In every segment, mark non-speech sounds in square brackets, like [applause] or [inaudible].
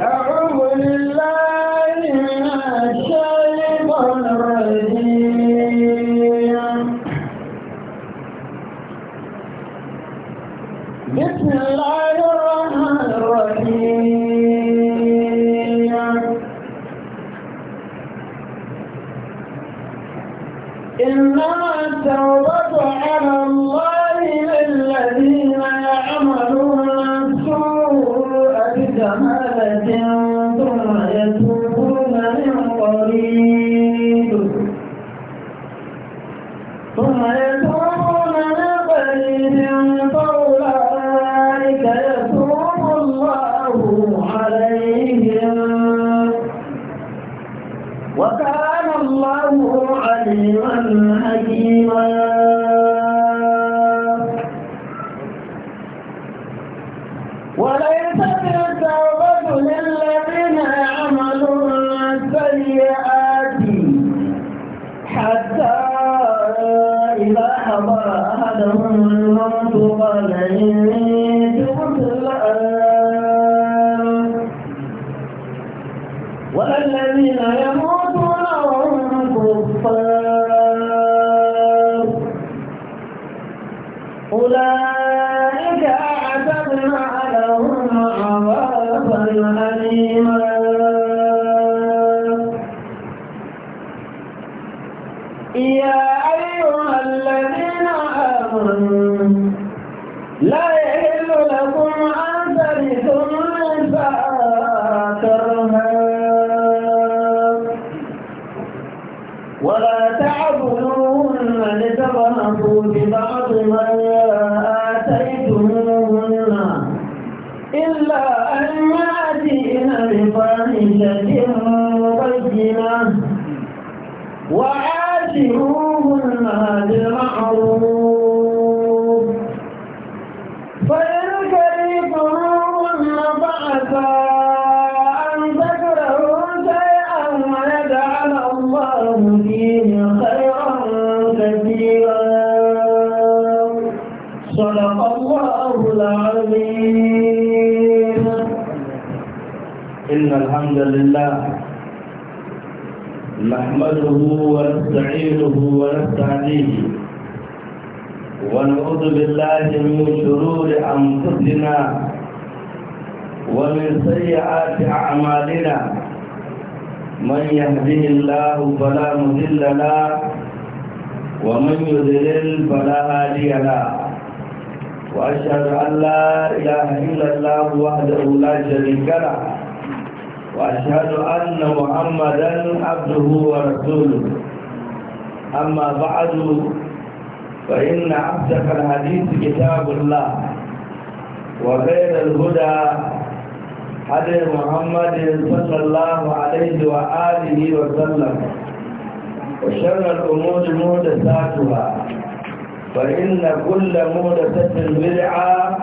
أعمل يا أيها الذين آمنوا لا يحل لكم أن ترثوا النساء كرها ولا تعبدوهن لتبركوا ببعض ما آتيتموهن إلا أن يأتين بفاحشة نحمده ونستعينه ونستعليه ونعوذ بالله من شرور أنفسنا ومن سيئات أعمالنا من يهده الله فلا مذل لا ومن يذلل فلا هادي لا وأشهد أن لا إله إلا الله وحده لا شريك له وأشهد أن محمدا عبده ورسوله أما بعد فإن أصدق الحديث كتاب الله وخير الهدى هدي محمد صلى الله عليه وآله وسلم وشر الأمور محدثاتها فإن كل محدثة بدعة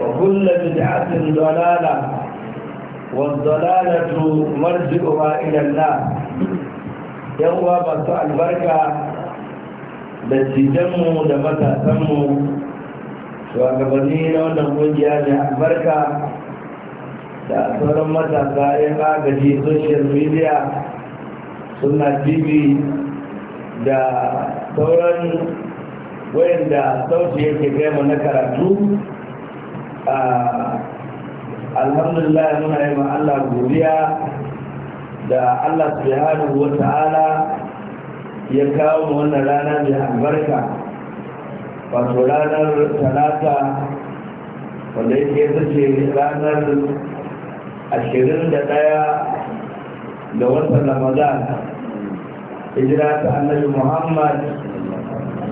وكل بدعة ضلالة والضلالة مرجعها إلى النار يوم بس البركة دججمو دمتا تمو shugabanni na wannan kungiya mai albarka da sauran matasa yan agaji social media suna jibi da sauran wayanda sauti yake gama na karatu a alhamdulillah muna yi ma Allah godiya da Allah subhanahu wata'ala ya kawo mu wannan rana mai albarka wato ranar talata wanda yake zace ranar ashirin da ɗaya da watan ramadan hijira ta annabi muhammad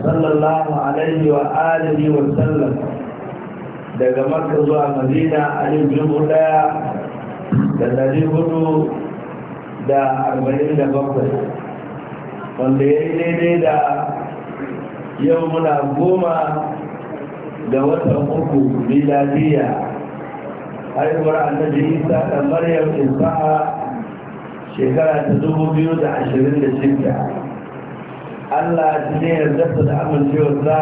sallallahu alaihi wa alihi wa sallam daga makar zuwa madina a dubu daya da dari hudu da arba'in da bakwai wanda ya yi daidai da yau muna goma ga watan uku miladiya haihuwar annabi isa da maryam isa'a shekara ta dubu biyu da ashirin da shida allah ne yardarsa da amincewarsa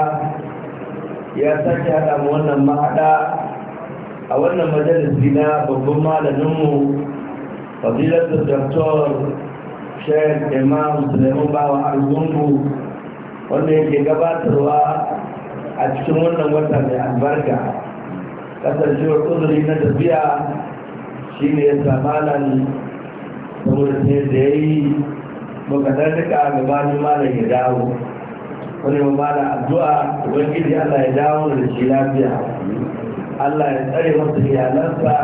ya sake haɗa mu wannan mahaɗa a wannan majalisi na babban malaminmu fadilatul doktor shayar imam suleiman bawa arzungu wanda yake gabatarwa a cikin wannan wata mai albarka kasancewar uzuri na tafiya shi ne ya samanan saboda sai da ya yi muka ka gabanin malam ya dawo wani mamala addu'a ubangiji Allah ya dawo da shi lafiya Allah ya tsare masa iyalansa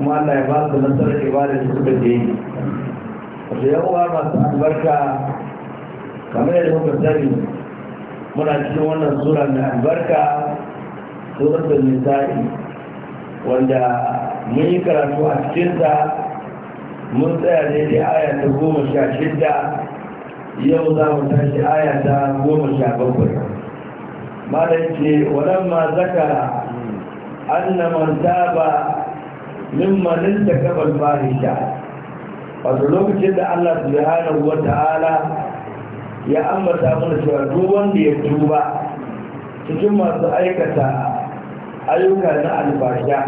kuma Allah ya ba su nasarar ibada da suka je yi wasu yawa masu albarka kamar yadda muka sani muna cikin wannan sura mai albarka da nisa'i wanda mun yi karatu a cikinta mun tsaya daidai aya ta goma sha shidda yau za mu tashi aya ta goma sha bakwai malam ce walamma zakara anna man taba mimman intakaba kabar fahisha wato lokacin da Allah hana wa ta'ala ya ambata mana cewa duk wanda ya tuba cikin masu aikata ayyuka na alfasha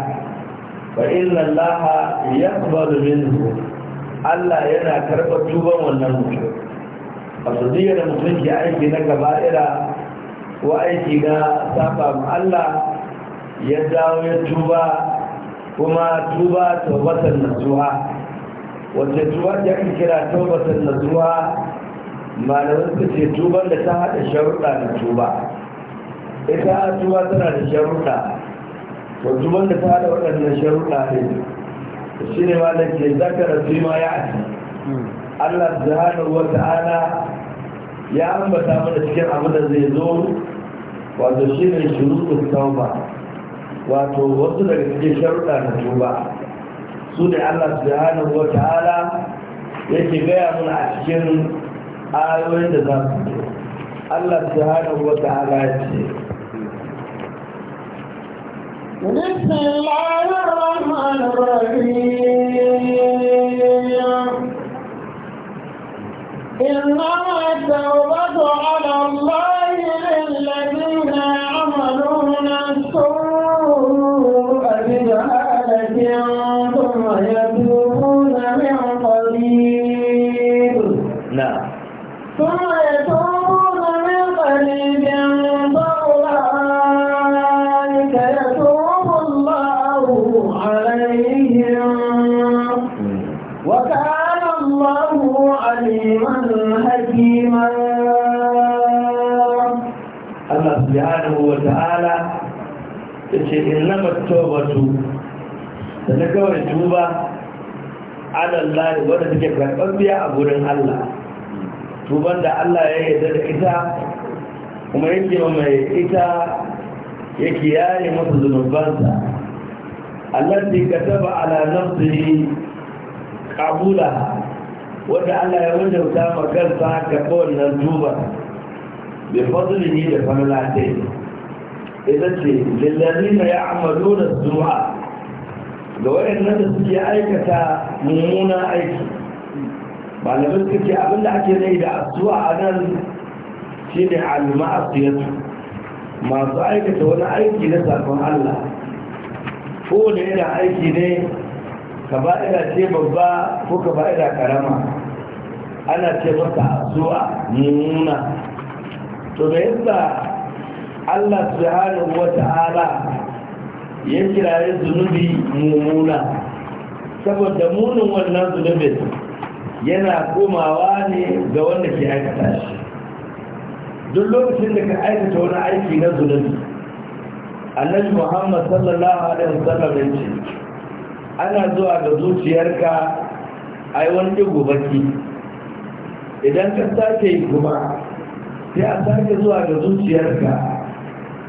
fa inna ya yaqbalu minhu Allah yana karɓar tuban wannan mutum wasu da mutum ke aiki na gaba'ira ko aiki na saba ma Allah ya dawo ya tuba kuma tuba taubatan zuwa wacce tuba ya ake kira taubatan nasuha da wasu ce tuban da ta haɗa sharuɗa da tuba ita tuba tana da sharuɗa wato da ta haɗa waɗannan sharuɗa ne shi ne ma da ke zakarar tuba ma ya ake Allah wata ana, ya ambata mana cikin abu da zai zo wato shi ne da tauba wato wasu daga cikin sharuɗa na tuba su ne Allah ana, ya yake gaya mana a cikin ayoyin da za su Allah subhanahu wata'ala ya ce بسم الله الرحمن الرحيم إنما التوبة على الله للذين يعملون kalmar tawbatu da na kawai tuba alallahi wadda take biya a gurin Allah tuban da Allah ya yi da ita kuma yake mai ita yake yaye masa zunubansa allati kataba ala nafsihi qabula wadda Allah ya wanda ta kansa ga kowannan tuba bi fadlihi da falalatai ita ce lillazina ya'maluna zuwa ga waɗannan da suke aikata mummunan aiki malamin suka ce abinda ake nai da zuwa a nan shi ne almasiyatu masu aikata wani aiki na sakon Allah ko da yana aiki ne ka ba'ida ce babba ko ka ba'ida karama ana ce masa zuwa mummuna to da yadda Allah subhanahu wa ta'ala ya kiraye zunubi mummuna saboda munin wannan zunubin yana komawa ne ga wanda ke aikata shi duk lokacin da ka aikata wani aiki na zunubi annabi muhammad sallallahu alaihi wasallam ya ce ana zuwa ga zuciyarka ai wani digo baki idan ka sake yi kuma sai a sake zuwa ga zuciyarka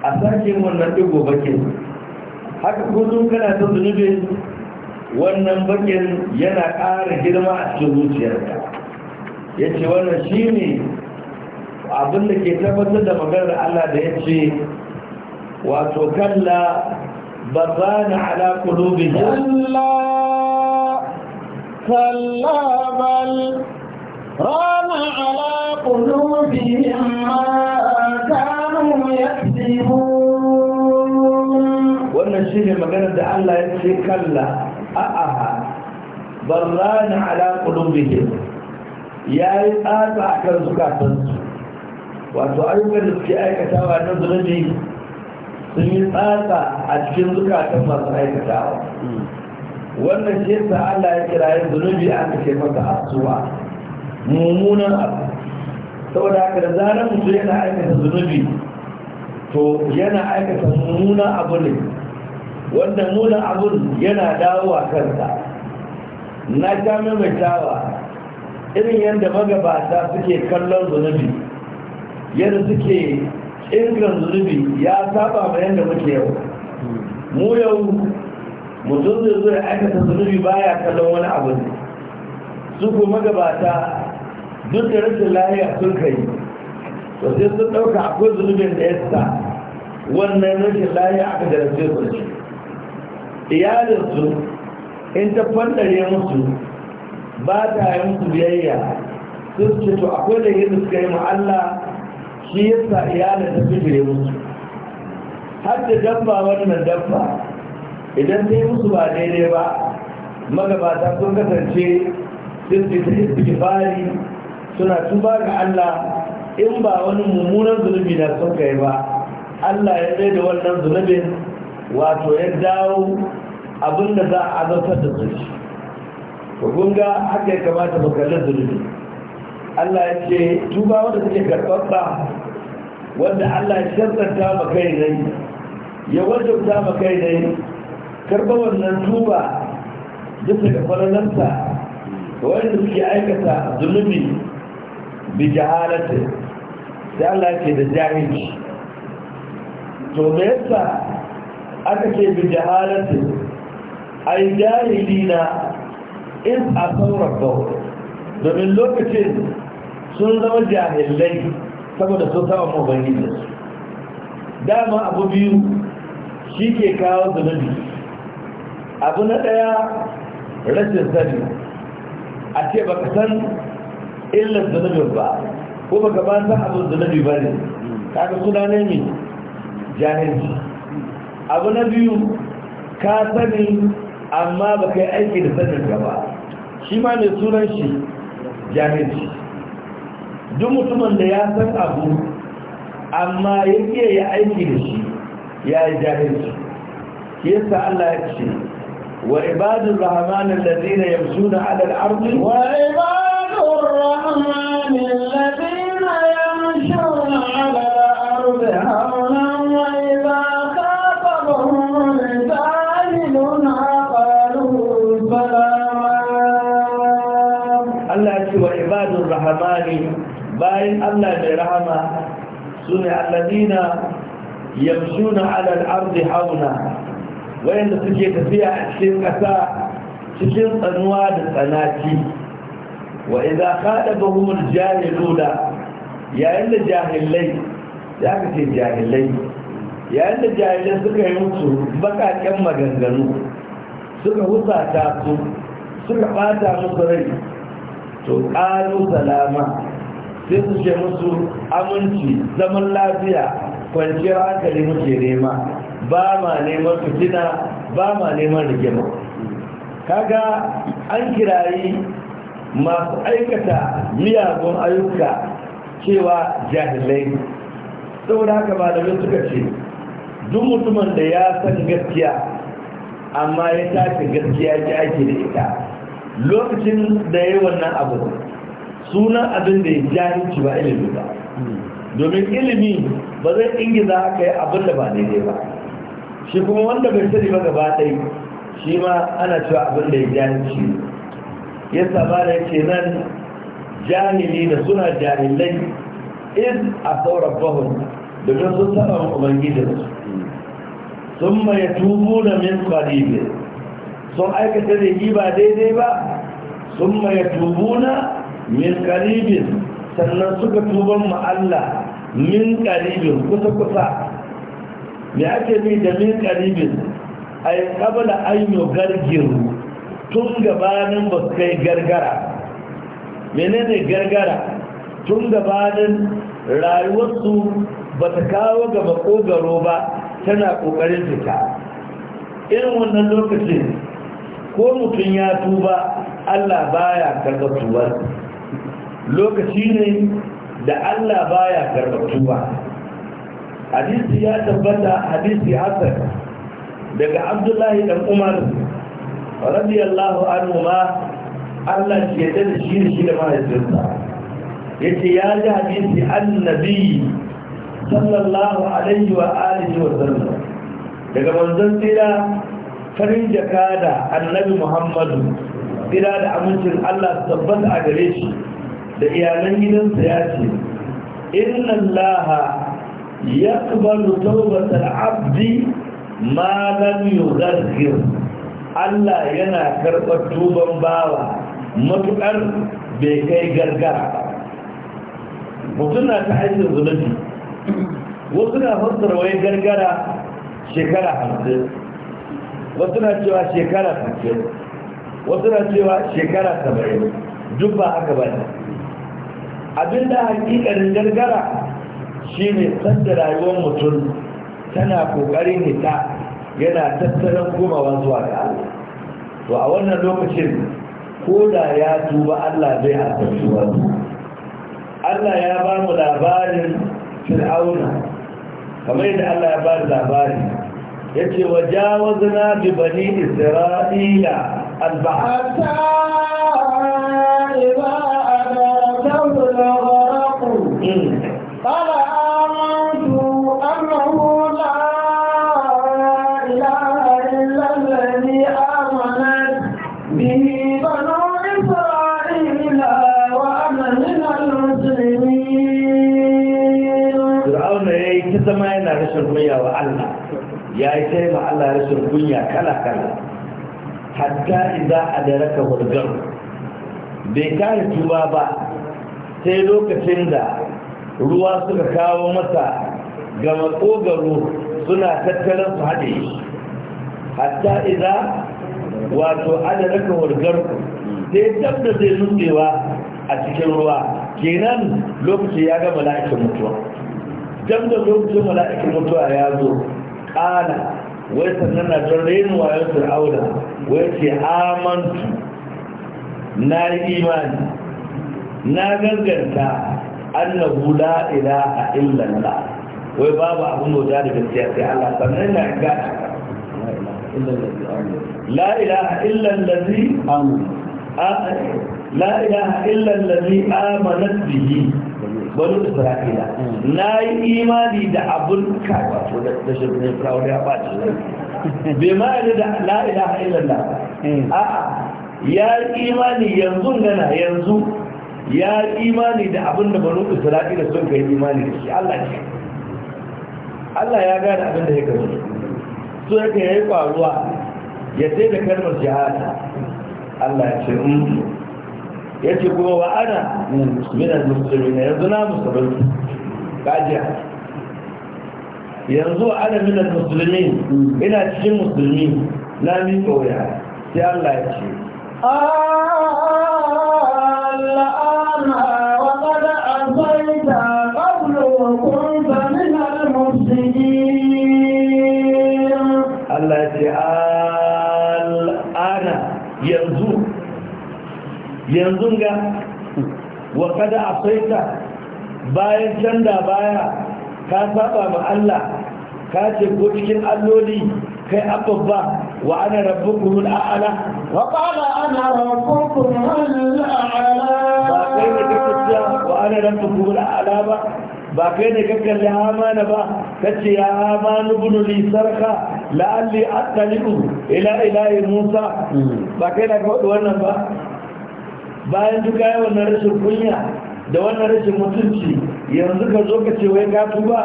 a sake wannan digo bakin haka kullum kana ta zunubin wannan bakin yana ƙara girma a cikin zuciyarka ya ce wannan shi ne abinda ke tabbatar da maganar Allah da ya ce wato kalla ba za na ala kulubin kalla bal ران على قلوبهم ما كانوا يكسبون wannan shine maganar da Allah ya ce kalla a'a barran ala qulubihim yayi tsatsa kan zukatansu wato ayyukan da suke aikatawa na zunubi sun yi tsatsa a cikin zukatan masu aikatawa wannan shi yasa Allah ya kira yin zunubi aka ce a asuwa mummunan abu saboda haka da zarar mutu yana aikata zunubi to yana aikata mummunan abu ne wanda munan abun yana dawo a kansa na mai tawa irin yadda magabata suke kallon zunubi yadda suke ingan zunubi ya saba ma yadda muke yau mu yau mutum zai zo ya aikata zunubi baya kallon wani abu ne su ko magabata duk da rashin lahiya sun kai to sai sun ɗauka akwai zunubin da ya sa wannan rashin lahiya aka jarabce su shi. iyalinsu in ta fandare musu ba ta yi musu biyayya sun ce to akwai da yin suka yi Allah shi ya sa iyalin ta bijire musu har da dabba wannan dabba idan ta yi musu ba daidai ba magabata sun kasance sun da ta istighfari suna tuba ga Allah in ba wani mummunan zunubi da sun kai ba Allah ya tsaye da wannan zunubin wato ya dawo abinda za a azabtar da zuci ku kunga haka ya kamata mu kalli zunubi Allah ya ce tuba wanda suke karɓaɓɓa wanda Allah ya shartanta ma kai dai ya wajabta ma kai dai karɓa wannan tuba bisa ga falalansa wanda suke aikata zunubi bi jahalatin sai Allah da jahilci to me yasa aka ce bi jahalatin ai jahili na in a sauran domin lokacin sun zama jahilai saboda sun sama mabangin su dama abu biyu shi ke kawo zunubi abu na ɗaya rashin sani a ce baka san illar zunubin ba ko baka ba san abin zunubi ba ne kaga suna ne ne jahilci abu na biyu ka sani amma ba kai aiki da sanin gaba shi ma mai sunan shi jahilci duk mutumin da ya san abu amma ya iya ya aiki da shi ya yi jahilci yasa Allah ya ce wa ibadun rahmanin da zina suna alal arzi wa ibadun الرحمن الذين يمشون على الأرض هونا وإذا خاطبهم الرحمن باين الذين يمشون على الأرض هونا وين تجي تفيها في الكساء cikin tsanuwa da wa idza khadabahum al-jahiluna yayin da jahilai ya kace jahilai yayin da jahilai suka yi musu bakaken maganganu suka ta su suka bata musu rai to qalu salama sai su ce musu aminci zaman lafiya kwanciyar hankali muke nema ba ma neman fitina ba ma neman rigima kaga an kirayi masu aikata miyagun ayyuka cewa jahilai saboda haka malamin suka ce duk mutumin da ya san gaskiya amma ya tafi gaskiya ya ake da ita lokacin da ya yi wannan abu sunan abin da ya jahilci ba ilimi ba domin ilimi ba zai ingiza aka yi abin da ba daidai ba shi kuma wanda bai sani ba gaba ɗai shi ma ana cewa abin da ya jahilci ya ba da yake nan jahili da suna jahilai in a saurar bahun domin sun saba wa ubangijinsu sun mai tubu da min kwalibe sun aikata da yi ba daidai ba sun mai tubu na min kwalibe sannan suka tuban ma'alla min kwalibe kusa-kusa me ake mi da min kwalibe a yi kabala ainihin gargiru tun gabanin ba kai gargara menene gargara tun gabanin rayuwarsu ba ta kawo ga makogaro ba tana kokarin fita irin wannan lokacin ko mutum ya tuba allah baya karɓar lokaci ne da allah baya karɓar tuba hadisi ya tabbata hadisi hasan daga abdullahi dan umar radiyallahu anhu ma Allah ke da shi shi da mahaifinsa ce ya ji hadisi annabi sallallahu alaihi wa alihi wa sallam daga manzon tsira farin jaka da annabi muhammadu tsira da amincin Allah tabbata a gare shi da iyalan gidansa ya ce inna Allah ya da taubatar abdi ma lam yughadhir Allah yana karɓar duban bawa matuƙar bai kai gargara ba Wasu na ta aikin zunubi wasu na fassara wai gargara shekara hamsin wasu na cewa shekara hamsin wasu na cewa shekara saba'in duk ba haka ba ne Abin da hakikanin gargara shine sanda rayuwar mutum tana kokarin hita yana tattalin komawa zuwa ga Allah to a wannan lokacin ko da ya tuba Allah zai haɗarci wani Allah ya ba mu labarin fir'auna kamar yadda Allah ya ba da labari ya ce wa jawazina bi bani isra'ila alba'a yayi ta zama yana rashin kunya wa Allah ya yi ta yi ma Allah rashin kunya kala-kala hatta idan a da raka hurgar bai kare tuba ba sai lokacin da ruwa suka kawo masa ga makogaro suna tattalin su haɗe hatta idan wato ada raka hurgar sai dab zai nutsewa a cikin ruwa kenan lokaci ya gama la'ikin mutuwa dan da lokacin mala'ikin mutuwa ya zo kana wai sannan na don rainu wa yau fir'auna wai ce amantu na yi imani na ganganta annabu la ilaha illallah wai babu abin bauta da gaskiya sai Allah sannan na ga la ilaha illallazi amanu la ilaha illallazi amanat bihi da isra'ila na yi imani da abun ka wato da ne firawun ya ɓaci bai ma yi da la'ila ha'ilallah hmm. a'a ya yi imani yanzu gana yanzu ya yi imani da abin da da isra'ila sun kai imani da shi allah ce allah ya gane abin da ya gani so yake ya yi faruwa ya sai da kalmar shahada allah ya ce mm, yake kuma wa ana minan musulmi na yanzu na musulmi kajiya yanzu wa ana minan musulmi ina cikin musulmi na mi tsoya sai Allah ya ce ah, yanzu ga wa kada asaita bayan canza baya ka saba ma Allah ka ce ko cikin alloli kai abubba wa ana rabu rabbukum al'ala wa qala ana rabbukum al'ala ba kai ne ka cewa wa ana rabbukum al'ala ba ba kai ne ka kalli hamana ba ka kace ya hamanu ibn li sarka la'alli attali'u ila ilahi musa hmm. ba kai ne ka wannan ba bayan duka yawan wannan rashin kunya da wannan rashin mutunci yanzu ka zo ka ce wai ka tuba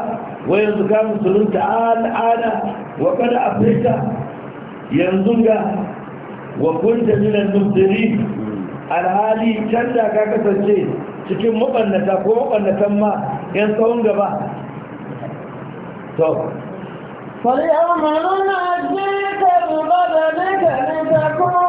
wai yanzu ka musulunta al'ada wa kada afirka yanzu ga wa kunta minan mutiri alhali can da ka kasance cikin mabannata ko mabannatan ma yan tsawon gaba to فاليوم ننجيك ببدنك لتكون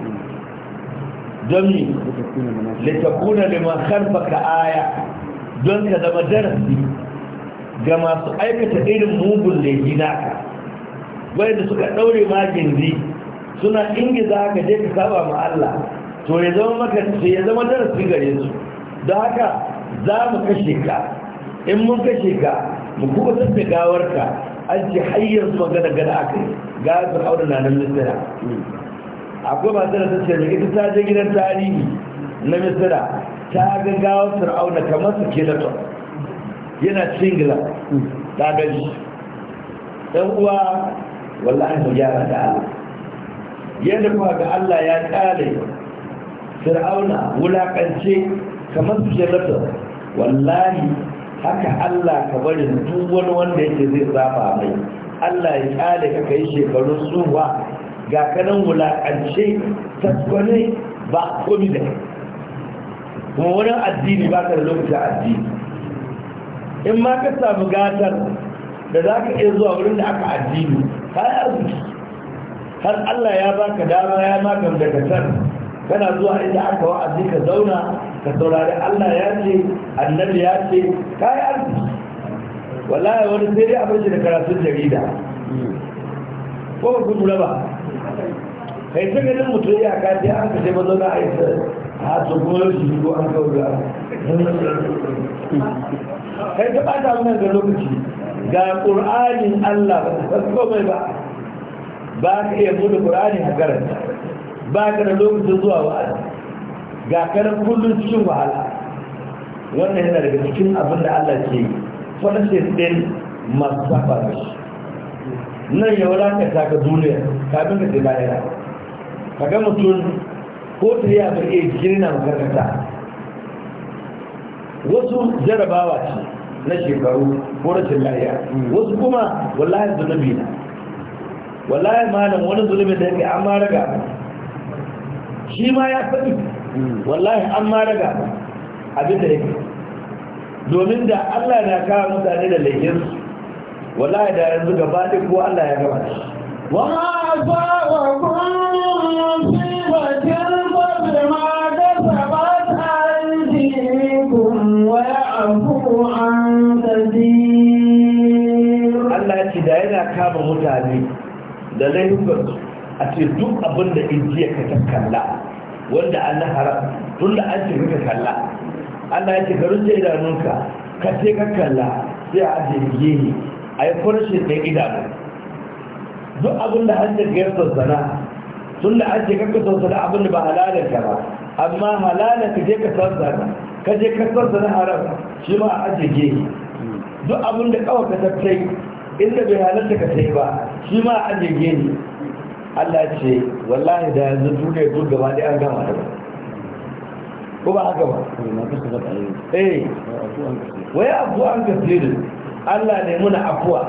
جميع لتكون لمن ka aya, don ka zama darasi ga masu aikata irin mugun laifi ka, wanda suka ɗaure ma gindi suna za ka je ka saba ma Allah to ya zama maka ce ya zama darasi gare su don haka za mu kashe ka in mun kashe ka mu kuma tafi gawar ka an ce hayyar su magana gada aka yi ga su aure na nan misira akwai masu da ce da ita ta je gidan tarihi na misira ta ga gawar fir'auna kamar su ke latin yana cingila ta gaji ɗan uwa wallahi mu gyara da Allah yadda kuma ga Allah ya ƙare fir'auna wulaƙance kamar su ke latin wallahi haka Allah ka bari duk wani wanda yake zai zama mai Allah ya ƙare ka kai shekarun tsuwa ga kanan wulaƙance tasgwane ba komi da kuma wani addini ba ka da lokacin addini in ma ka samu gatar da za ka iya zuwa wurin da aka addini ka yi arziki har allah ya baka ka dama ya magan da kasar kana zuwa inda aka wa'azi ka zauna ka saurari allah ya ce annabi ya ce ka yi arziki wallahi wani sai dai abin da karatun jarida ko ba ku ba kai ta ganin mutum ya kaji an ka sai mazauna a isa a tsogonar shi ko an kaura [laughs] kai ta ta wannan ga lokaci ga ƙur'anin allah ba ta ko mai ba ba ka iya buɗe ƙur'ani a karanta ba ka da lokacin zuwa wa'azi ga karan kullum cikin wahala wannan yana daga cikin abin da allah ke falastin din masu safa shi nan ya wadata ka duniya kafin ka ce bayan kaga mutum ko ta yi bai iya girna makarkata wasu jarabawa ce na shekaru ko rashin lafiya wasu kuma wallahi zunubi na wallahi malam wani zunubi da yake an ma raga shi ma ya faɗi wallahi an ma raga abin da yake domin da Allah na kawo mutane da laifinsu wallahi da yanzu gaba ko Allah ya gaba shi wa ba wa kama mutane da laifukansu a ce duk abin da injiya ka ta kalla wanda an na haram tun da an ce ka kalla Allah ya ce ka rufe idanunka ka ce ka kalla sai a ajiye gehe a yi kwarashe ɗin idanu duk abin da hanyar gayar zazzana tun da an kanka kakka sansana abin da ba halalar ka ba amma halalar ka je ka da, ka je ka na haram shi ma a ajiye duk abin da kawai ka tattai inda bai halarta ka sai ba shi ma a ajiye ne Allah ce wallahi da yanzu duniya duk gaba da an gama da ko ba haka ba eh wai abu an kasiri Allah ne muna afuwa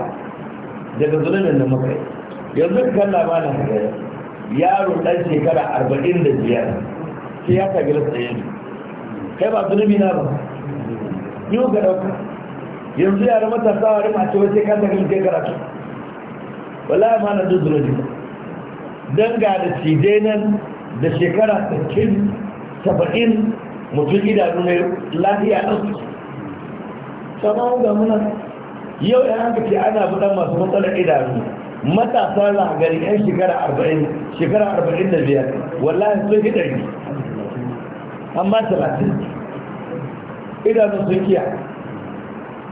daga zulumin da muka yi yanzu kan labarin da ya yaro ɗan shekara arba'in da biyar sai ya kagila tsaye kai ba zunubi na ba yi ga ɗauka yanzu yara matasa wa rima ce wace ka kagila kai karatu wala ma na duk zunubi don ga da cidai nan da shekara 60 saba'in mutum idanu mai, lafiya ɗan sama ga muna yau da hankali ana buɗan masu matsalar idanu matasa za a gari yan shekara arba'in shekara arba'in da biyar wallahi sun fi ɗari amma talatin idanun sun kiya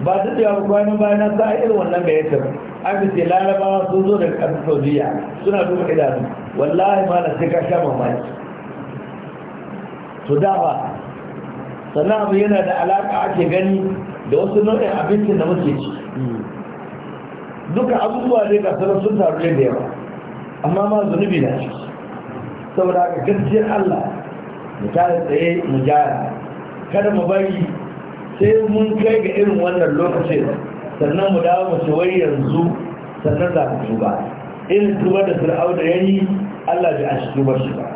ba ta cewa kwanan bayan na sa irin wannan ga An fi ce larabawa sun zo daga ƙasar saudiya suna duba idanu wallahi ma na sai sha mamaki su dawa sannan abu yana da alaƙa ake gani da wasu nau'in abincin da muke ci duka abubuwa ne ga sanar sun taru ne da yawa amma ma zunubi na shi saboda ga gaskiyar Allah mu tare tsaye mu gyara kada mu bari sai mun kai ga irin wannan lokacin sannan mu dawo mu ci wai yanzu sannan za mu tuba irin tuba da fir'au da yayi Allah bai shi tuba shi ba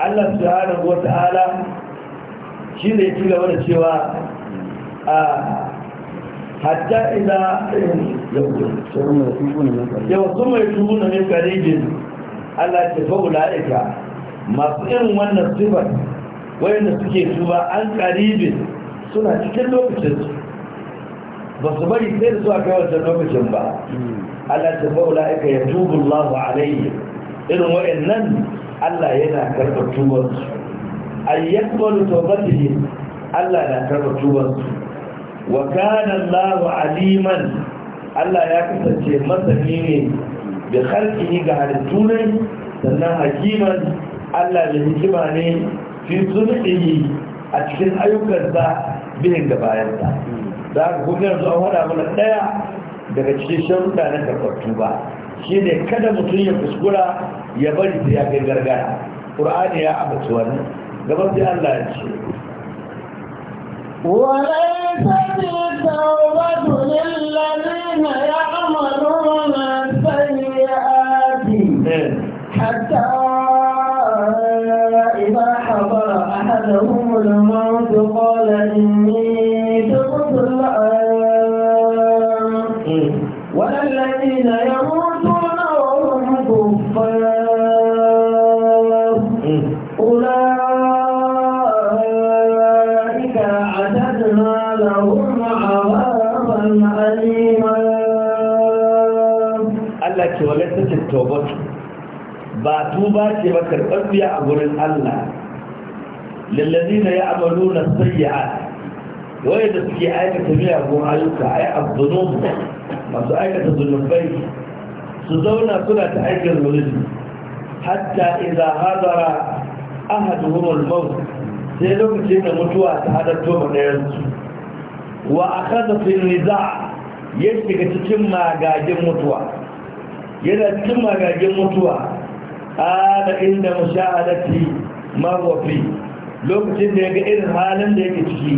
Allah subhanahu wata'ala shi ne ya ci gaba da cewa a ah, حتى إذا يوصم يتوبون من قريب ألا تفوق لائكا مصير من الصفة وين وانا سكيتوا عن قريب سنة كل وقت بصبري سير سواء كوات الوقت جنبا ألا تفوق لائكا يتوب الله عليه إن وإنن ألا ينا كرب التوبة أن يقبل توبته ألا لا كرب التوبة wa kana Allahu aliman Allah ya kasance masani ne bi khalqihi ga halittunai sannan hakiman Allah ne hikima ne fi sulhihi a cikin ayyukansa bihin da bayansa da haka kuma yanzu an hada mana daya daga cikin sharuɗa na karɓar ba shi ne kada mutum ya kuskura ya bari sai ya kai gargara ƙur'ani ya abaci wannan gaban sai Allah ya ce وليس التوبة للذين يعملون السيئات إيه. حتى إذا حضر أحدهم الموت قال إن tawbatu ba tuba ce ba karɓaɓɓiya a gurin Allah Lallani na ya lallazina ya'maluna sayyi'at waye da suke aikata miyagun ayyuka ai abdunum masu aikata zunubai su zauna suna ta aikin zunubi hatta idza hadara ahaduhum al-maut sai lokacin da mutuwa ta hadatto ba ɗayan su wa akhadha fi niza' ya shiga cikin magagin mutuwa yana cikin magagin mutuwa ala inda mashahadati marwafi lokacin da ya ga irin halin da yake ciki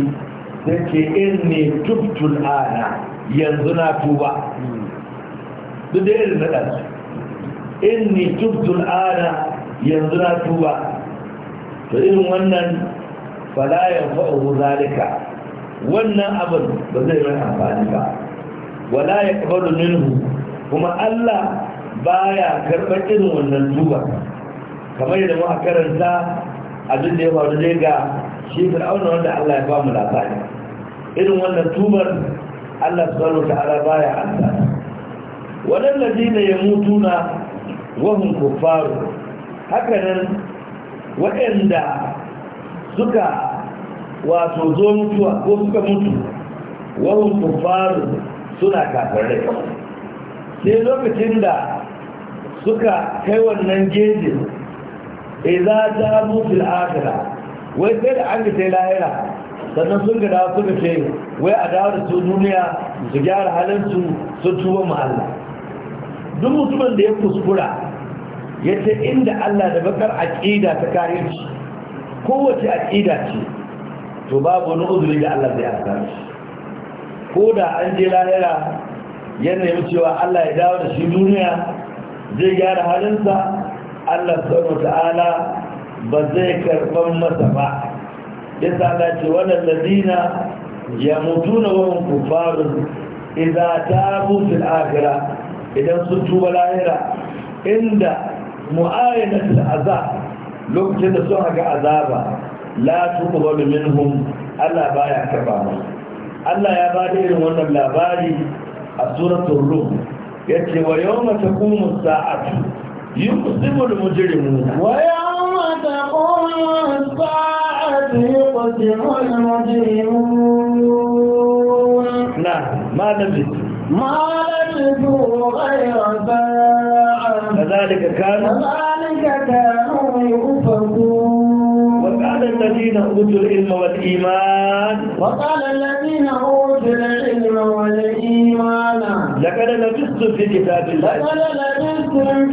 da ke in ne tuftun ana yanzu na tuba duk da irin naɗa in ne tuftun ana yanzu na tuba to irin wannan falayan fa'o zalika wannan abin ba zai mai amfani ba wala ya ƙabaru minhu kuma allah baya karɓar irin wannan duba kamar yadda a karanta abin da ya faru dai ga shi fir'auna wanda Allah ya ba mu labari irin wannan tubar Allah subhanahu ta'ala baya anta wannan ladina yamutuna wa hum kuffar haka nan waɗanda suka wato zo mutuwa ko suka mutu wa hum kuffar suna kafirai sai lokacin da suka kai wannan gejin iza ta mutu al'akira wai sai da an sai lahira sannan sun gada suka ce wai a dawo da su duniya su gyara halinsu su tuba mu duk mutumin da ya kuskura ya ce inda Allah da bakar aƙida ta kare shi kowace aƙida ce to babu wani uzuri da Allah zai asara shi ko da an je lahira yana yi cewa Allah ya dawo da shi duniya zai gyara halinsa Allah subhanahu ta'ala ba zai karban masa ba yasa Allah ce wannan ya mutu na hum kufarun idza ta fil akhirah idan sun tuba lahira inda mu'ayyanatul aza lokacin da sun haka azaba la tuqbalu minhum Allah baya karba Allah ya bada irin wannan labari a suratul rum yace wa yawma taqumu as-sa'atu yuqsimu al-mujrimuna wa yawma taqumu as-sa'atu yuqsimu al-mujrimuna na ma labisu ma labisu ghayra sa'a kadhalika kana kadhalika kanu yufakun وقال الذين أوتوا العلم والإيمان وقال الذين أوتوا العلم والإيمان لقد لبثتم في كتاب الله في كتاب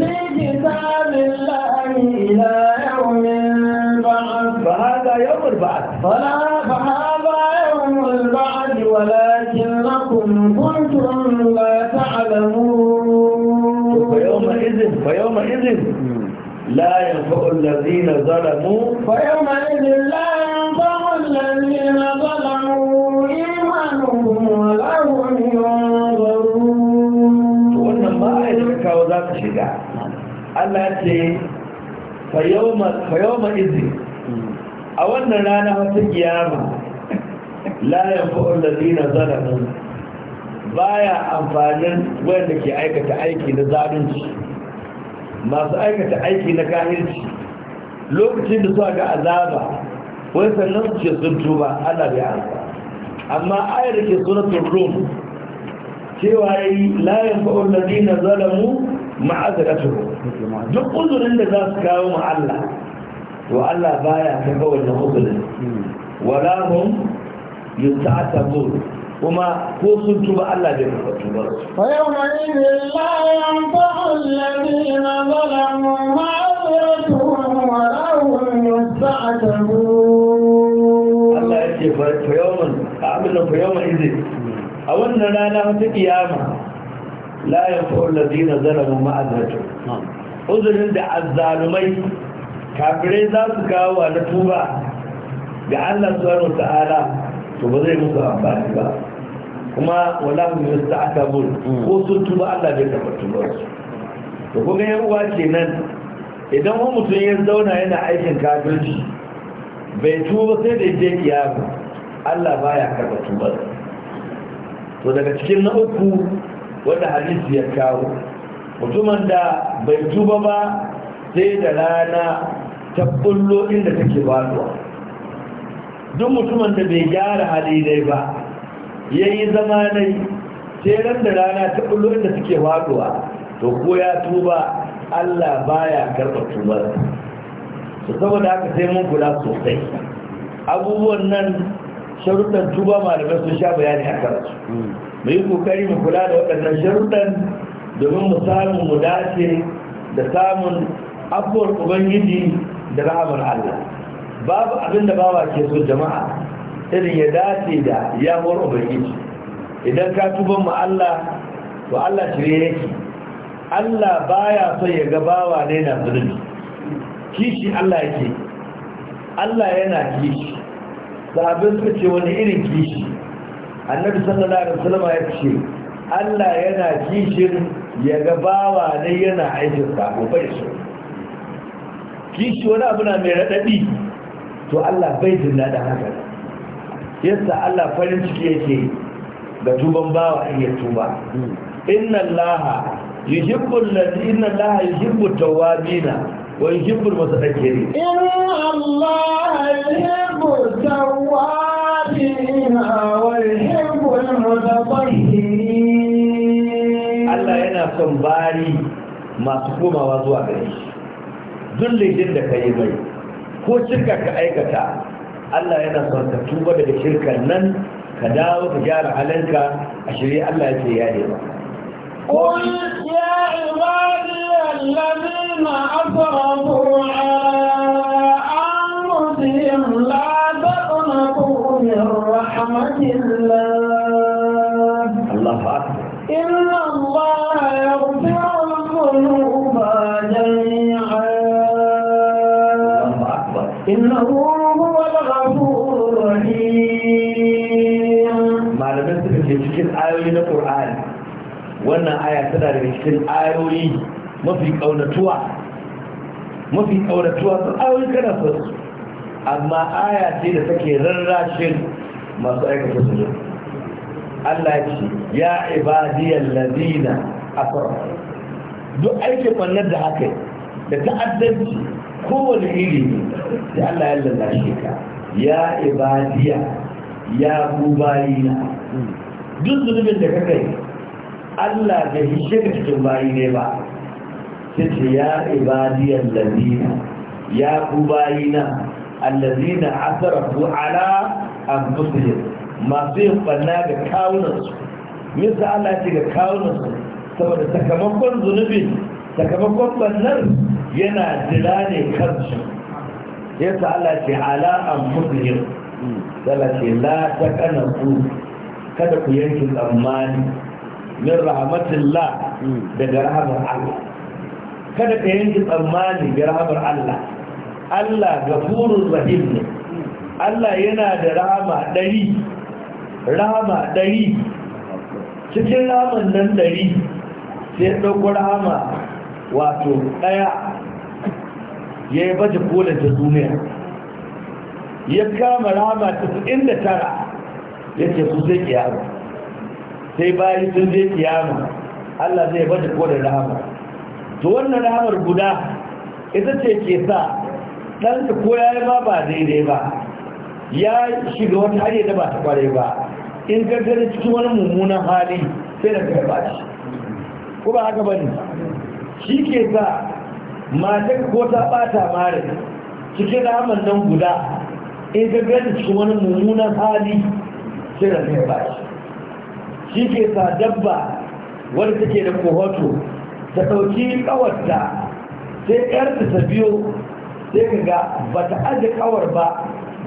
الله إلى يوم البعث فهذا يوم البعث فلا فهذا يوم البعث ولكنكم كنتم لا تعلمون فيومئذ لا ينفع الذين ظلموا فيومئذ لا ينفع الذين ظلموا shiga Allah ce fa yawma izi a wannan rana wata kiyama la na allazina ba ya amfanin wanda ke aikata aiki na zalunci masu aikata aiki na kahinci lokacin da suka ga azaba wai sannan su ce sun tuba ana da amsa amma ayar da ke suna turun cewa yi la yanfa'u allazina zalamu ma'azaratu duk uzurin da za su kawo ma Allah to Allah baya ta kawai da uzurin wala hum yuta'atabu kuma ko sun tuba Allah bai karɓa tuba fa yawma idhin la yanfa'u alladhina zalamu ma'azratuhum wa lahum yuta'atabu Allah yake fa yawman abin fa yawma idhin a wannan rana ta kiyama la yanfa'u allazina zalamu ma'azratu uzurin da azzalumai kafirai za su kawo na tuba ga Allah subhanahu wa ta'ala to ba zai musu amfani ba kuma wala hum yasta'tabun ko sun tuba Allah zai karɓa tuba to kuma yan uwa nan, idan wani mutum ya zauna yana aikin kafirci bai tuba sai da je kiyama Allah baya karɓa tuba to daga cikin na uku wanda hadisi ya kawo mutumin da bai tuba ba sai da rana ta bullo inda take faduwa duk mutumin da bai gyara halilai ba ya yi zama nai sai da rana ta bullo inda take faduwa to ko ya tuba allah baya karɓar tubar su saboda haka sai mun kula sosai abubuwan nan sharuɗan tuba malamai sun sha bayani a karatu hmm. mu yi kokari mu kula da waɗannan sharuɗan domin mu samu mu dace da samun abuwar ubangiji da rahamar Allah babu abin da bawa ke so jama'a irin ya dace da yawar ubangiji idan ka tuban mu Allah wa Allah shirye yake Allah baya son ya ga bawa ne na zunubi kishi Allah yake Allah yana kishi a suka ce wani irin kishi annabi sallallahu alaihi wasallam ya ce Allah yana kishin ya ga bawa ne yana aikin ko bai so kishi wani abu na mai raɗaɗi to Allah bai jin daɗin haka yasa Allah farin ciki yake ga tuban bawa in ya tuba inna Allah yuhibbul ladina Allah yuhibbut tawabina wa yuhibbul mutadakkirin inna Allah yuhibbut tawabina Allah yana son bari masu komawa zuwa gare shi duk da ka yi mai ko shirka ka aikata Allah yana son ka tuba daga shirkan nan ka dawo ka gyara halinka a shirya Allah ya ce ya ne ba قل يا عبادي الذين أسرفوا على أنفسهم لا من رحمة الله الله أكبر إن الله يغفر الذنوب جميعا الله أكبر إنه هو الغفور الرحيم ما لم يستفد cikin ayoyi na Qur'ani wannan aya tana daga cikin ayoyi mafi kaunatuwa mafi kaunatuwa sun ayoyi kana so amma aya ce da take rarrashin masu aikata su Allah ya ce ya ibadiyar ladina a duk aikin wannan da haka da ta'addanci kowane ilimi da Allah ya lallashe ka ya ibadiya ya gubayina duk zunubin da ka kai Allah da hishe ka cikin bayi ne ba sai ce ya ibadiyar ladina ya gubayina allazina asarafu ala anfusihim masu yin banna ga kawunansu misa Allah ce ga kawunansu saboda sakamakon zunubin sakamakon bannar yana jira ne kansu yasa Allah ce ala anfusihim Allah ce la ta kanaku kada ku yanki tsammani min rahmatillah daga rahamar Allah kada ka yanki tsammani ga rahamar Allah Allah gafurur rahim ne Allah yana da rama ɗari rama ɗari cikin raman nan ɗari sai ɗauko rama wato ɗaya ya yi baje kolin ta duniya ya kama rama tara ya ce su sai kiyama sai bayi sun je kiyama Allah zai baje kolin rama to wannan ramar guda ita ce ke sa ɗansa ko ya yi ma ba daidai ba ya shiga wata hanyar da ba ta kware ba in gaggare cikin wani mummunan hali sai da kai ba shi ko ba haka bane shi ke sa mata ko ta bata mare cikin ramin nan guda in gaggare cikin wani mummunan hali sai da kai ba shi shi ke sa dabba wadda take da kohoto ta ɗauki ƙawarta sai ƴarta ta biyo sai ka ga ba ta kawar ba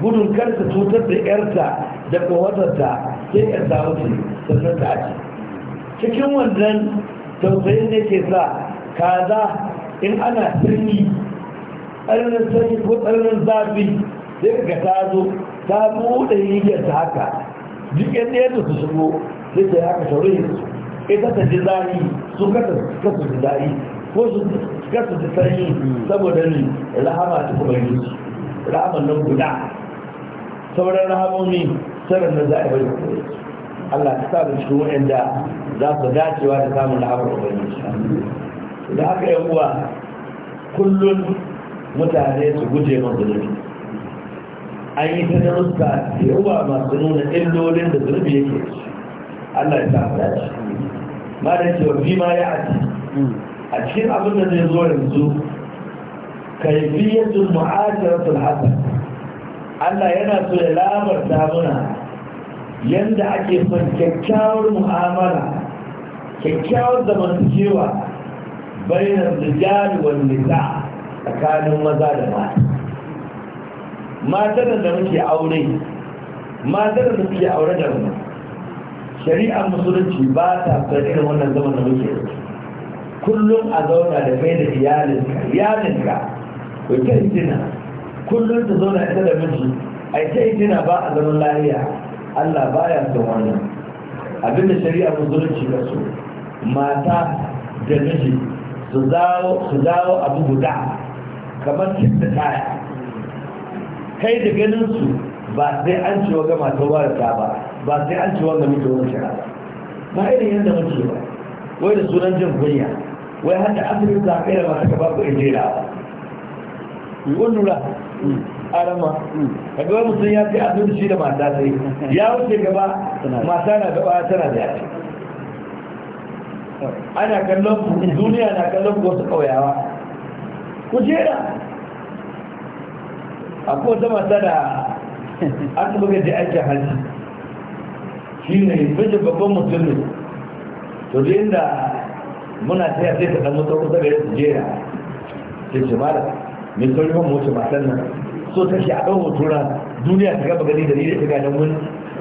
gudun kar cutar da yarta da kowatarta sai ya ta wuce sannan ta aji cikin wannan tausayin da ke sa kaza in ana sanyi tsananin sanyi ko tsananin zafi sai ka ta zo ta buɗe yiyyarta haka duk yadda yadda su shigo sai ta yi haka yin su ita ta ji zari su kasa su ji zari ko su gasu ji sanyi saboda ni rahama ta kuma yi Rahama nan guda sauran rahamomi sauran na za a bari kuma yi Allah ta sa da cikin waɗanda za su dacewa da samun rahamar ubangiji da haka yan uwa kullum mutane su guje man zunubi an yi ta darussa da yawa masu nuna illolin da zunubi yake Allah ya sa mu dace ma da cewa fi ma ya ati hmm. a cikin abin da zai zo yanzu kaifiyatul mu'asharatul hasan Allah yana so ya labarta muna yanda ake son kyakkyawar mu'amala kyakkyawar zamantakewa bainar rijali wal nisa tsakanin maza da mata matan da muke aure matan da muke aure da mu shari'ar musulunci ba ta son irin wannan zaman da muke kullum a zauna da kai da iyalinka iyalinka ko ta itina. kullum ta zauna ita da miji a ita jina ba a zaman lahiya Allah baya son wannan abinda shari'a musulunci ga su mata da miji su zawo su zawo abu guda kamar da taya kai da ganin su ba sai an ci wa gama ta ta ba ba sai an ci wa gama ta warata ba ba irin yadda muke ba wai da sunan jin kunya wai har da asirin zaɓe da masu gaba ko injera wani lura rama a gaba mutum ya fi asirin shi da mata sai ya wuce gaba mata na gaba tana da yaki. ana kallon duniya na kallon wasu ƙauyawa ku jera akwai wata mata da an buga da aikin hajji shi ne bijin babban mutum ne to da muna taya sai ta dan mutu kusa da ya jera sai ce mala mai sauri man wuce matan nan so ta shi a ɗan hoto duniya ta gaba gani da ni da ta gani mun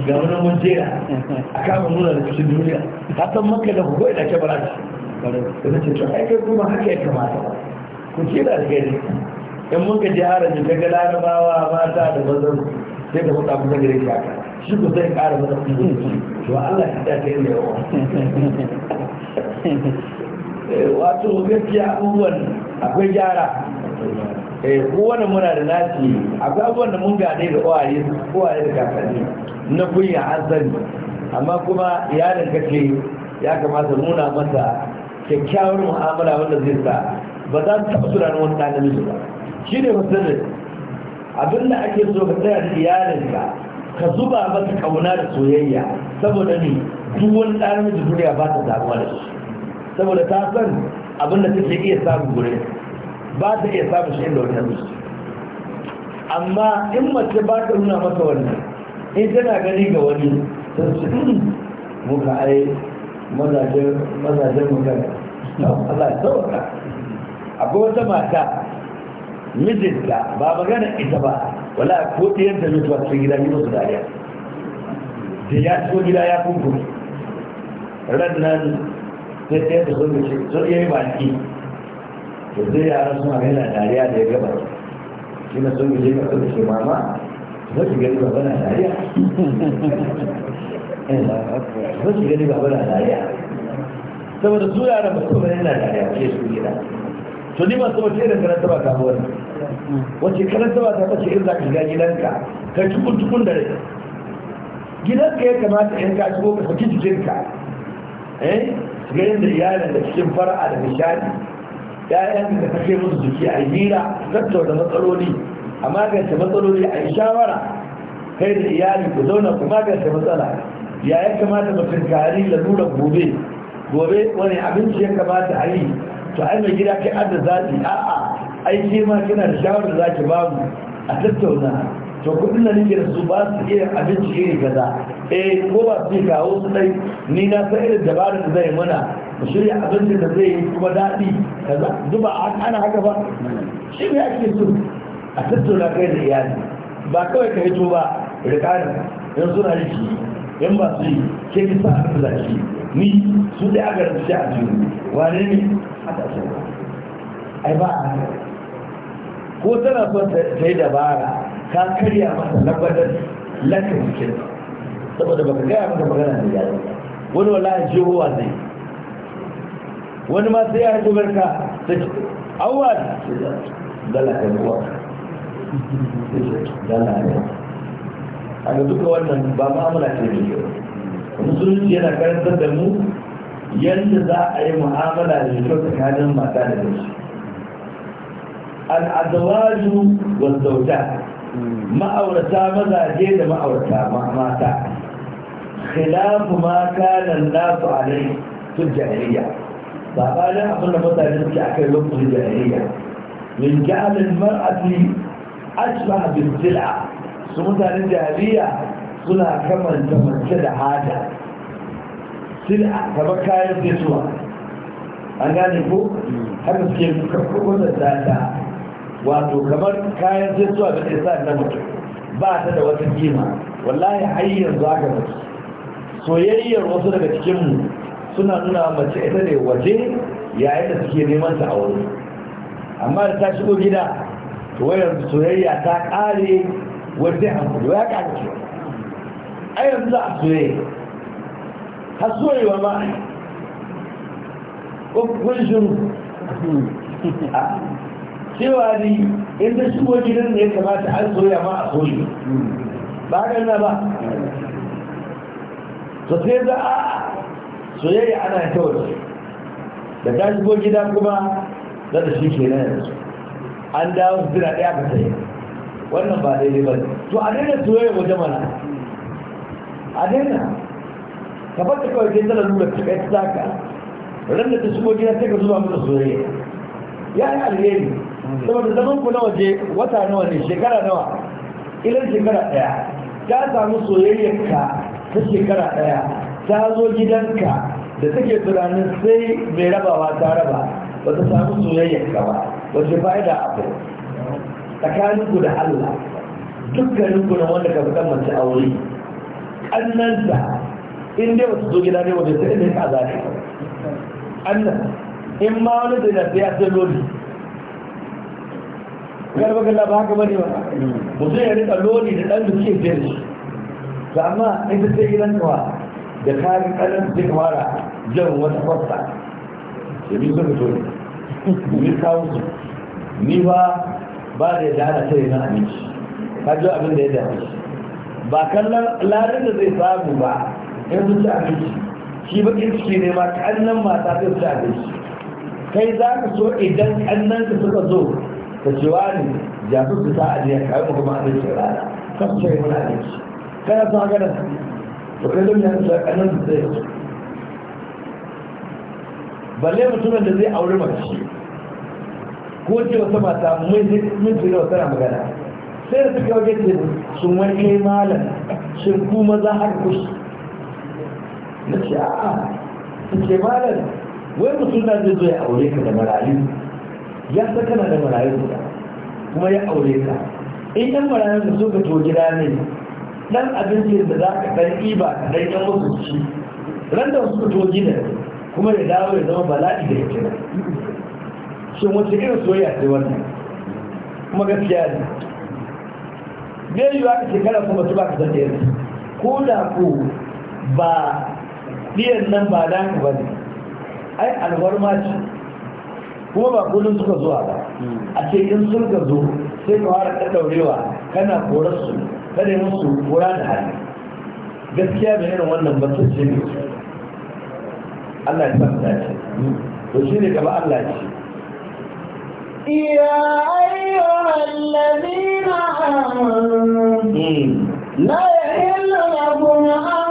ga wani mun jera a kama nuna da cikin duniya ta san maka da kuka ina ke bara ce da ce to ai kai kuma haka ya kamata ku ce da gani in mun ka ji ta ga larabawa mata da mazan sai da hudu abin da gare shi haka shi ku zai ƙara masa kuma to Allah ya ta ta yi da yawa wato gaskiya abubuwan akwai gyara eh kowane muna da nasi akwai abubuwan da mun gane da uwaye uwaye da kakanni na kunya an amma kuma yaron kace ya kamata nuna masa kyakkyawar mu'amala wanda zai sa ba za su taɓa tunanin wani ɗan namiji ba shi ne musulun abin da ake so ka tsaya da iyalinka ka zuba masa ƙauna da soyayya saboda ni duk wani ɗan namiji duniya ba ta damuwa da shi saboda ta san abinda take iya samu gure ba ta iya samu shi inda wani namiji amma in mace ba ta nuna masa wannan in tana gani ga wani sun su muka ai mazajen muka Allah ya sauka akwai wata mata mijinta ba magana ita ba wala ko ɗiyar da mutuwa cikin gida yi musu dariya da ya so gida ya kunkuru rannan sai sai da zuwa shi sun yi baki da zai yara suna yana dariya da ya gaba shi na sun yi ka sun shi mama zai shi gani baba na dariya [laughs] zai shi gani baba na dariya saboda su yara ba su bane na dariya ke su gida to ni masu wace irin karanta ba ta wani wace karanta ba ta wace irin za ka shiga gidanka ka tukun tukun da rai gidanka ya kamata in ka shigo ka saki jikinka eh gani da iyalin da cikin fara'a da nishadi ya'yan da kake musu jiki a hira tattauna matsaloli a magance matsaloli a yi shawara kai da iyali ku zauna ku magance matsala ya ya kamata mutum kari nuna gobe gobe wani abinci ya kamata a yi to ai mai gida kai an da zaɓi a'a ai ma kina da shawarar da za ki bamu a tattauna to kudin da nake da su ba su iya abinci iri kaza eh ko ba su kawo su dai ni na san irin dabarar da zai mana mu shirya abincin da zai yi kuma daɗi kaza duba ana haka ba shi ne ake so a tattauna kai da iyali ba kawai ka hito ba Rikari, in suna riki in ba su yi ke bisa a shi ni su dai aka garin shi a jini wane ne a tashin ai ba a ko tana son ta yi dabara ka karya masa labarar lanka jikin saboda baka gaya maka magana da yaro wani wallahi jihowa zai wani ma sai ya haji barka ta ce awwal dala ka ruwa dala ka a ga duka wannan ba ma'amala ce da yau musulunci yana karantar da mu yadda za a yi mu'amala da kyau tsakanin mata da shi al'adawaju wa zauta ma'aurata mazaje da ma'aurata mata khilafu ma kana nasu alai tun jahiliya ba bayan abin da mutane suke kai lokacin jahiliya min ja'alil mar'ati ashbaha bil jil'a su mutanen jahiliya suna kamanta mace da hada sil'a kamar kayan fesuwa an gane ko haka suke kuka kuma da tata wato kamar kayan jinsuwa da ke sa na mutum ba ta da wata kima wallahi har yanzu haka mace soyayyar wasu daga cikinmu suna nuna mace ita ne waje yayin da suke neman ta aure amma da ta shigo gida to wayar soyayya ta kare wanda hankali ya kare a yanzu a soye Ha soyewa ma kun shi [laughs] ah. cewa ne in da shigo gidan ne kamata an soya ma a soyi ba ga na ba to sai za a soyayya ana ta waje da ta shigo gida kuma za ta shi ke nan an dawo su jira ɗaya ka sayi wannan ba daidai ba to a daina soyayya waje mana a daina ka fata kawai ke zara nuna ta kai ta saka ranar da ta shigo gida sai ka zuba mana soyayya ya yi alheri saboda zaman ku na waje wata nawa ne shekara nawa idan shekara ɗaya ta samu soyayyarka ta shekara ɗaya ta zo gidanka da take tunanin sai mai rabawa ta raba ba ta samu soyayyarka ba wace fa'ida abu tsakaninku da Allah ku na wanda ka fi mace aure ƙannansa in dai su zo gida ne waje sai ne ka ƙaza ne annan in ma wani zai na sai ya sai kar baka la ba haka bane ba mutum ya rika lodi da dan duke biyar shi to amma in sai gidan kawa da kari kalan sai kamara jan wata fasta da bi suka to ni kawo su ni ba ba da ya dana sai na aminci ka ji abin da ya dame ba kallon larin da zai samu ba in sun ci abinci shi bakin ciki ne ba. kannan mata sai su ci abinci kai za ka so idan kannan ka suka zo ka ce wani jasus da sa'a ne ka yi kuma abinci rana kan ce muna abinci kana son haka nan to kai zai yana sa kanan da zai yi balle mutumin da zai aure mace ko ce wata mata mun tsira wata na magana sai da suka wajen ce sun wani kai malam sun kuma za a kusa na ce a'a su ce malam wai mutum na zai zo ya aure ka da marayu ya san kana da marayu da, kuma ya aure ka in ɗan marayu da so ka to gida ne ɗan abinci da za ka ɗan ɗiba ka ɗan ɗan musu ran da wasu to gida kuma ya dawo ya zama bala'i da ya kira shin wata irin soya ce wannan kuma gaskiya ne bai yiwa ka shekara kuma ba ka zata yanzu ko da ku ba ɗiyan nan ba da ka ba ne ai alwar ma ce kuma ba kudin suka zuwa ba hmm. a ce in sun ka zo sai ka fara ta daurewa kana korar su kada musu kora da hali gaskiya mai irin wannan ba ce ne Allah ya sa dace to shi ne gaba Allah ce يا أيها na آمنوا لا يحل لكم an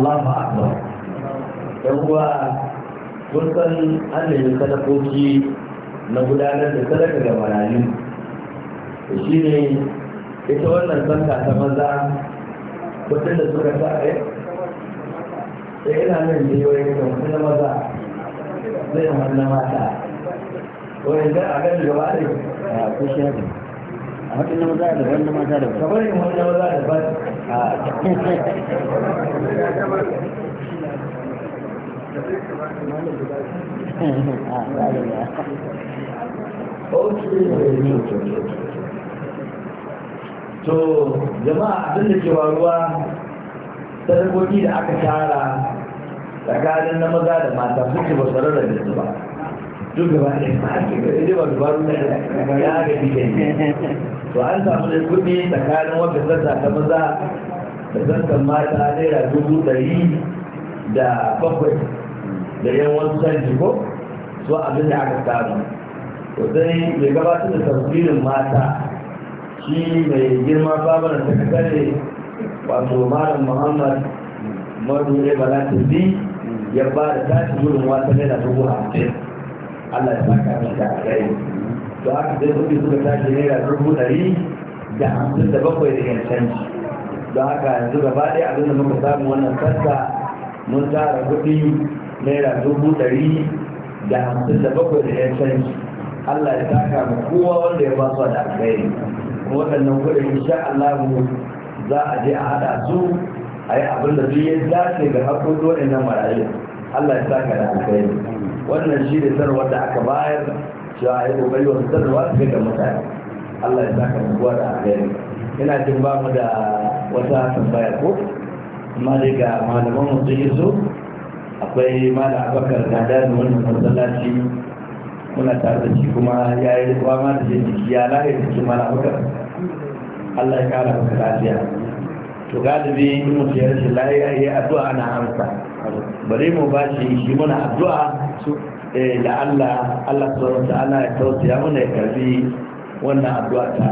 Allahu akbar yan uwa kun san an sadakoki na gudanar da sadaka ga marayu shi ne ita wannan sanka ta maza kudin da suka sa ɗaya eh? Sai eh, ina nan ne wani kamar na maza zai kamar na mata wani zai a gani gaba ne a kushe a matsayin na maza da wani na mata da kamar yin wani na maza da ba [laughs] to jama'a abin da ke waruwa sadakoki da aka tara tsakanin na maza da mata suke ba su rarrabe su ba duk gaba [laughs] da ya ba dubaru da ya ga dike to an samu da kudi tsakanin wanda zarta ta maza da zartan mata naira dubu ɗari da bakwai da yan wasu canji ko su abin da aka samu to sai mai gabatar da tasirin mata shi mai girma babar da ta kare wato malam muhammad madu ibala tafi ya ba da tashi gudunwa ta naira dubu hamsin Allah ya saka mishi da alheri to haka dai kuɗi suka tashi naira dubu ɗari da hamsin da bakwai da yancanci don haka yanzu gaba ɗaya abin da muka samu wannan sassa mun tara kuɗi naira dubu ɗari da hamsin da bakwai da yancanci Allah ya saka mu kowa wanda ya ba su da alheri kuma waɗannan kuɗin insha Allah mu za a je a haɗa su a yi abin da duk ya dace ga haƙoƙi waɗannan marayu Allah ya saka da alheri wannan shi ne sanarwar da aka bayar cewa a yi kokari wasu sanarwa su ga mutane Allah ya saka kuwa da alheri ina jin ba mu da wata tambaya ko amma dai ga malaman mu sun iso akwai malam abakar na da wannan masallaci muna tare da shi kuma ya yi ma da shi jiki ya lahi da shi malam abakar Allah ya kara maka lafiya to galibi in mutum ya rashin lafiya ya addu'a ana amsa bari mu ba shi shi muna addu'a eh, da Allah Allah subhanahu ta'ala ya tausaya mana ya karbi wannan addu'a ta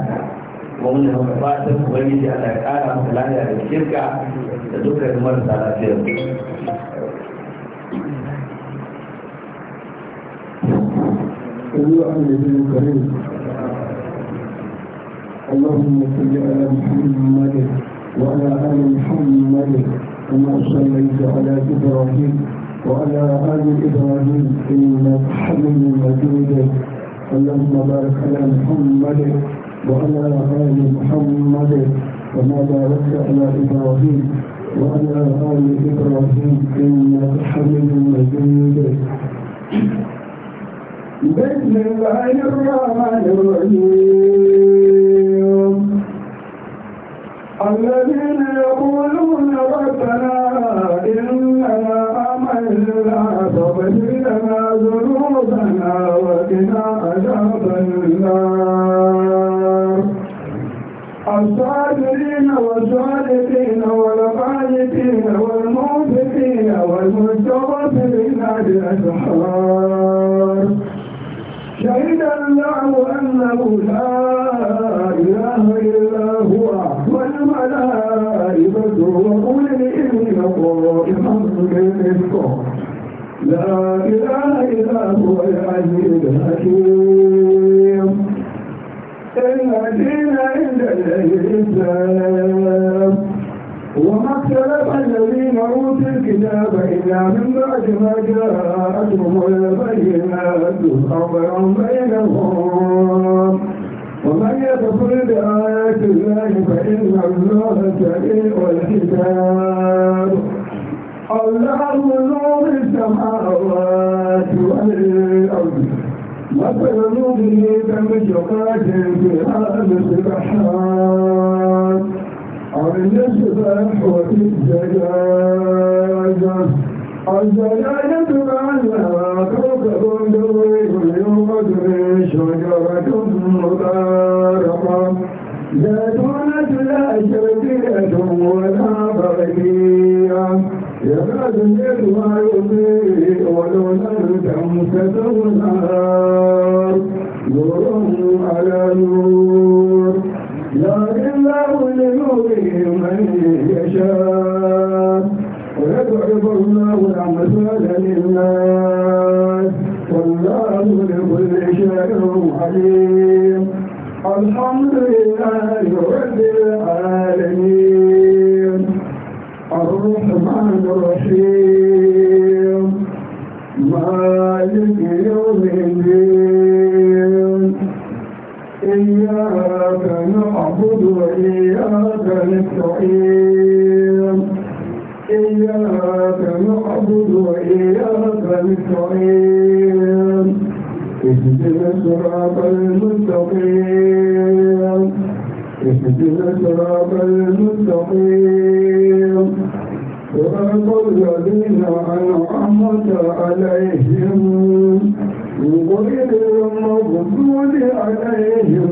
kuma mun da fatan ubangiji Allah ya kara masa lafiya da kirka da dukkan marasa lafiya أيها النبي اللهم صل على محمد وعلى آل محمد كما صليت على إبراهيم وعلى آل إبراهيم إنك حميد مجيد اللهم بارك على محمد وعلى آل محمد كما باركت على إبراهيم وعلى آل إبراهيم إنك حميد مجيد بسم الله الرحمن الرحيم الذين يقولون ربنا إننا أملنا فاغفر لنا ذنوبنا وقنا عذاب النار الصابرين والصادقين والقانتين والموفقين والمستغفرين بالأسحار شهد الله أنه لا إله إلا والملائكة وأولي العلم قائما بالقسط لا إله إلا هو العزيز الحكيم إن الدين عند الله الإسلام وما اختلف الذين أوتوا الكتاب إلا من بعد ما جاءتهم البينات أمرا بينهم ومن يكفر بآيات الله فإن الله سريع الحساب الله نور السماوات والأرض مثل نوره كمشقات فيها مصباحات أو المصباح في الزجاجة الزجاجة معناها كوكب دوري تخرج من شجرة مباركة زيتونة ولا غربية يكاد زيتها يضيء ولو لم تمسسه نار نور على نور يهدي الله لنوره من يشاء ويضرب الله الأمثال للناس الرحيم الحمد لله رب العالمين الرحمن الرحيم مالك يوم الدين إياك نعبد وإياك نستعين إياك نعبد وإياك نستعين اهدنا صراط المستقيم اهدنا الصراط المستقيم صراط الذين أنعمت عليهم غير المغضوب عليهم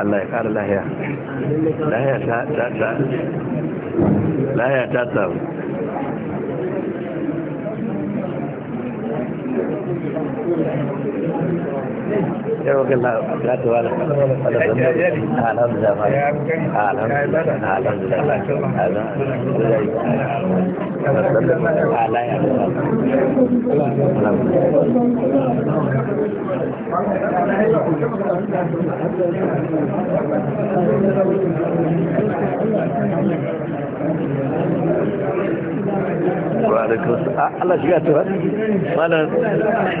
الله يقال لا هي لا هي لا هي تاتر Thank يرضى الله لا تبالغ ولا تمر الحمد لله الحمد لله الحمد لله هذا لا يا وعليكم السلام الله شكاته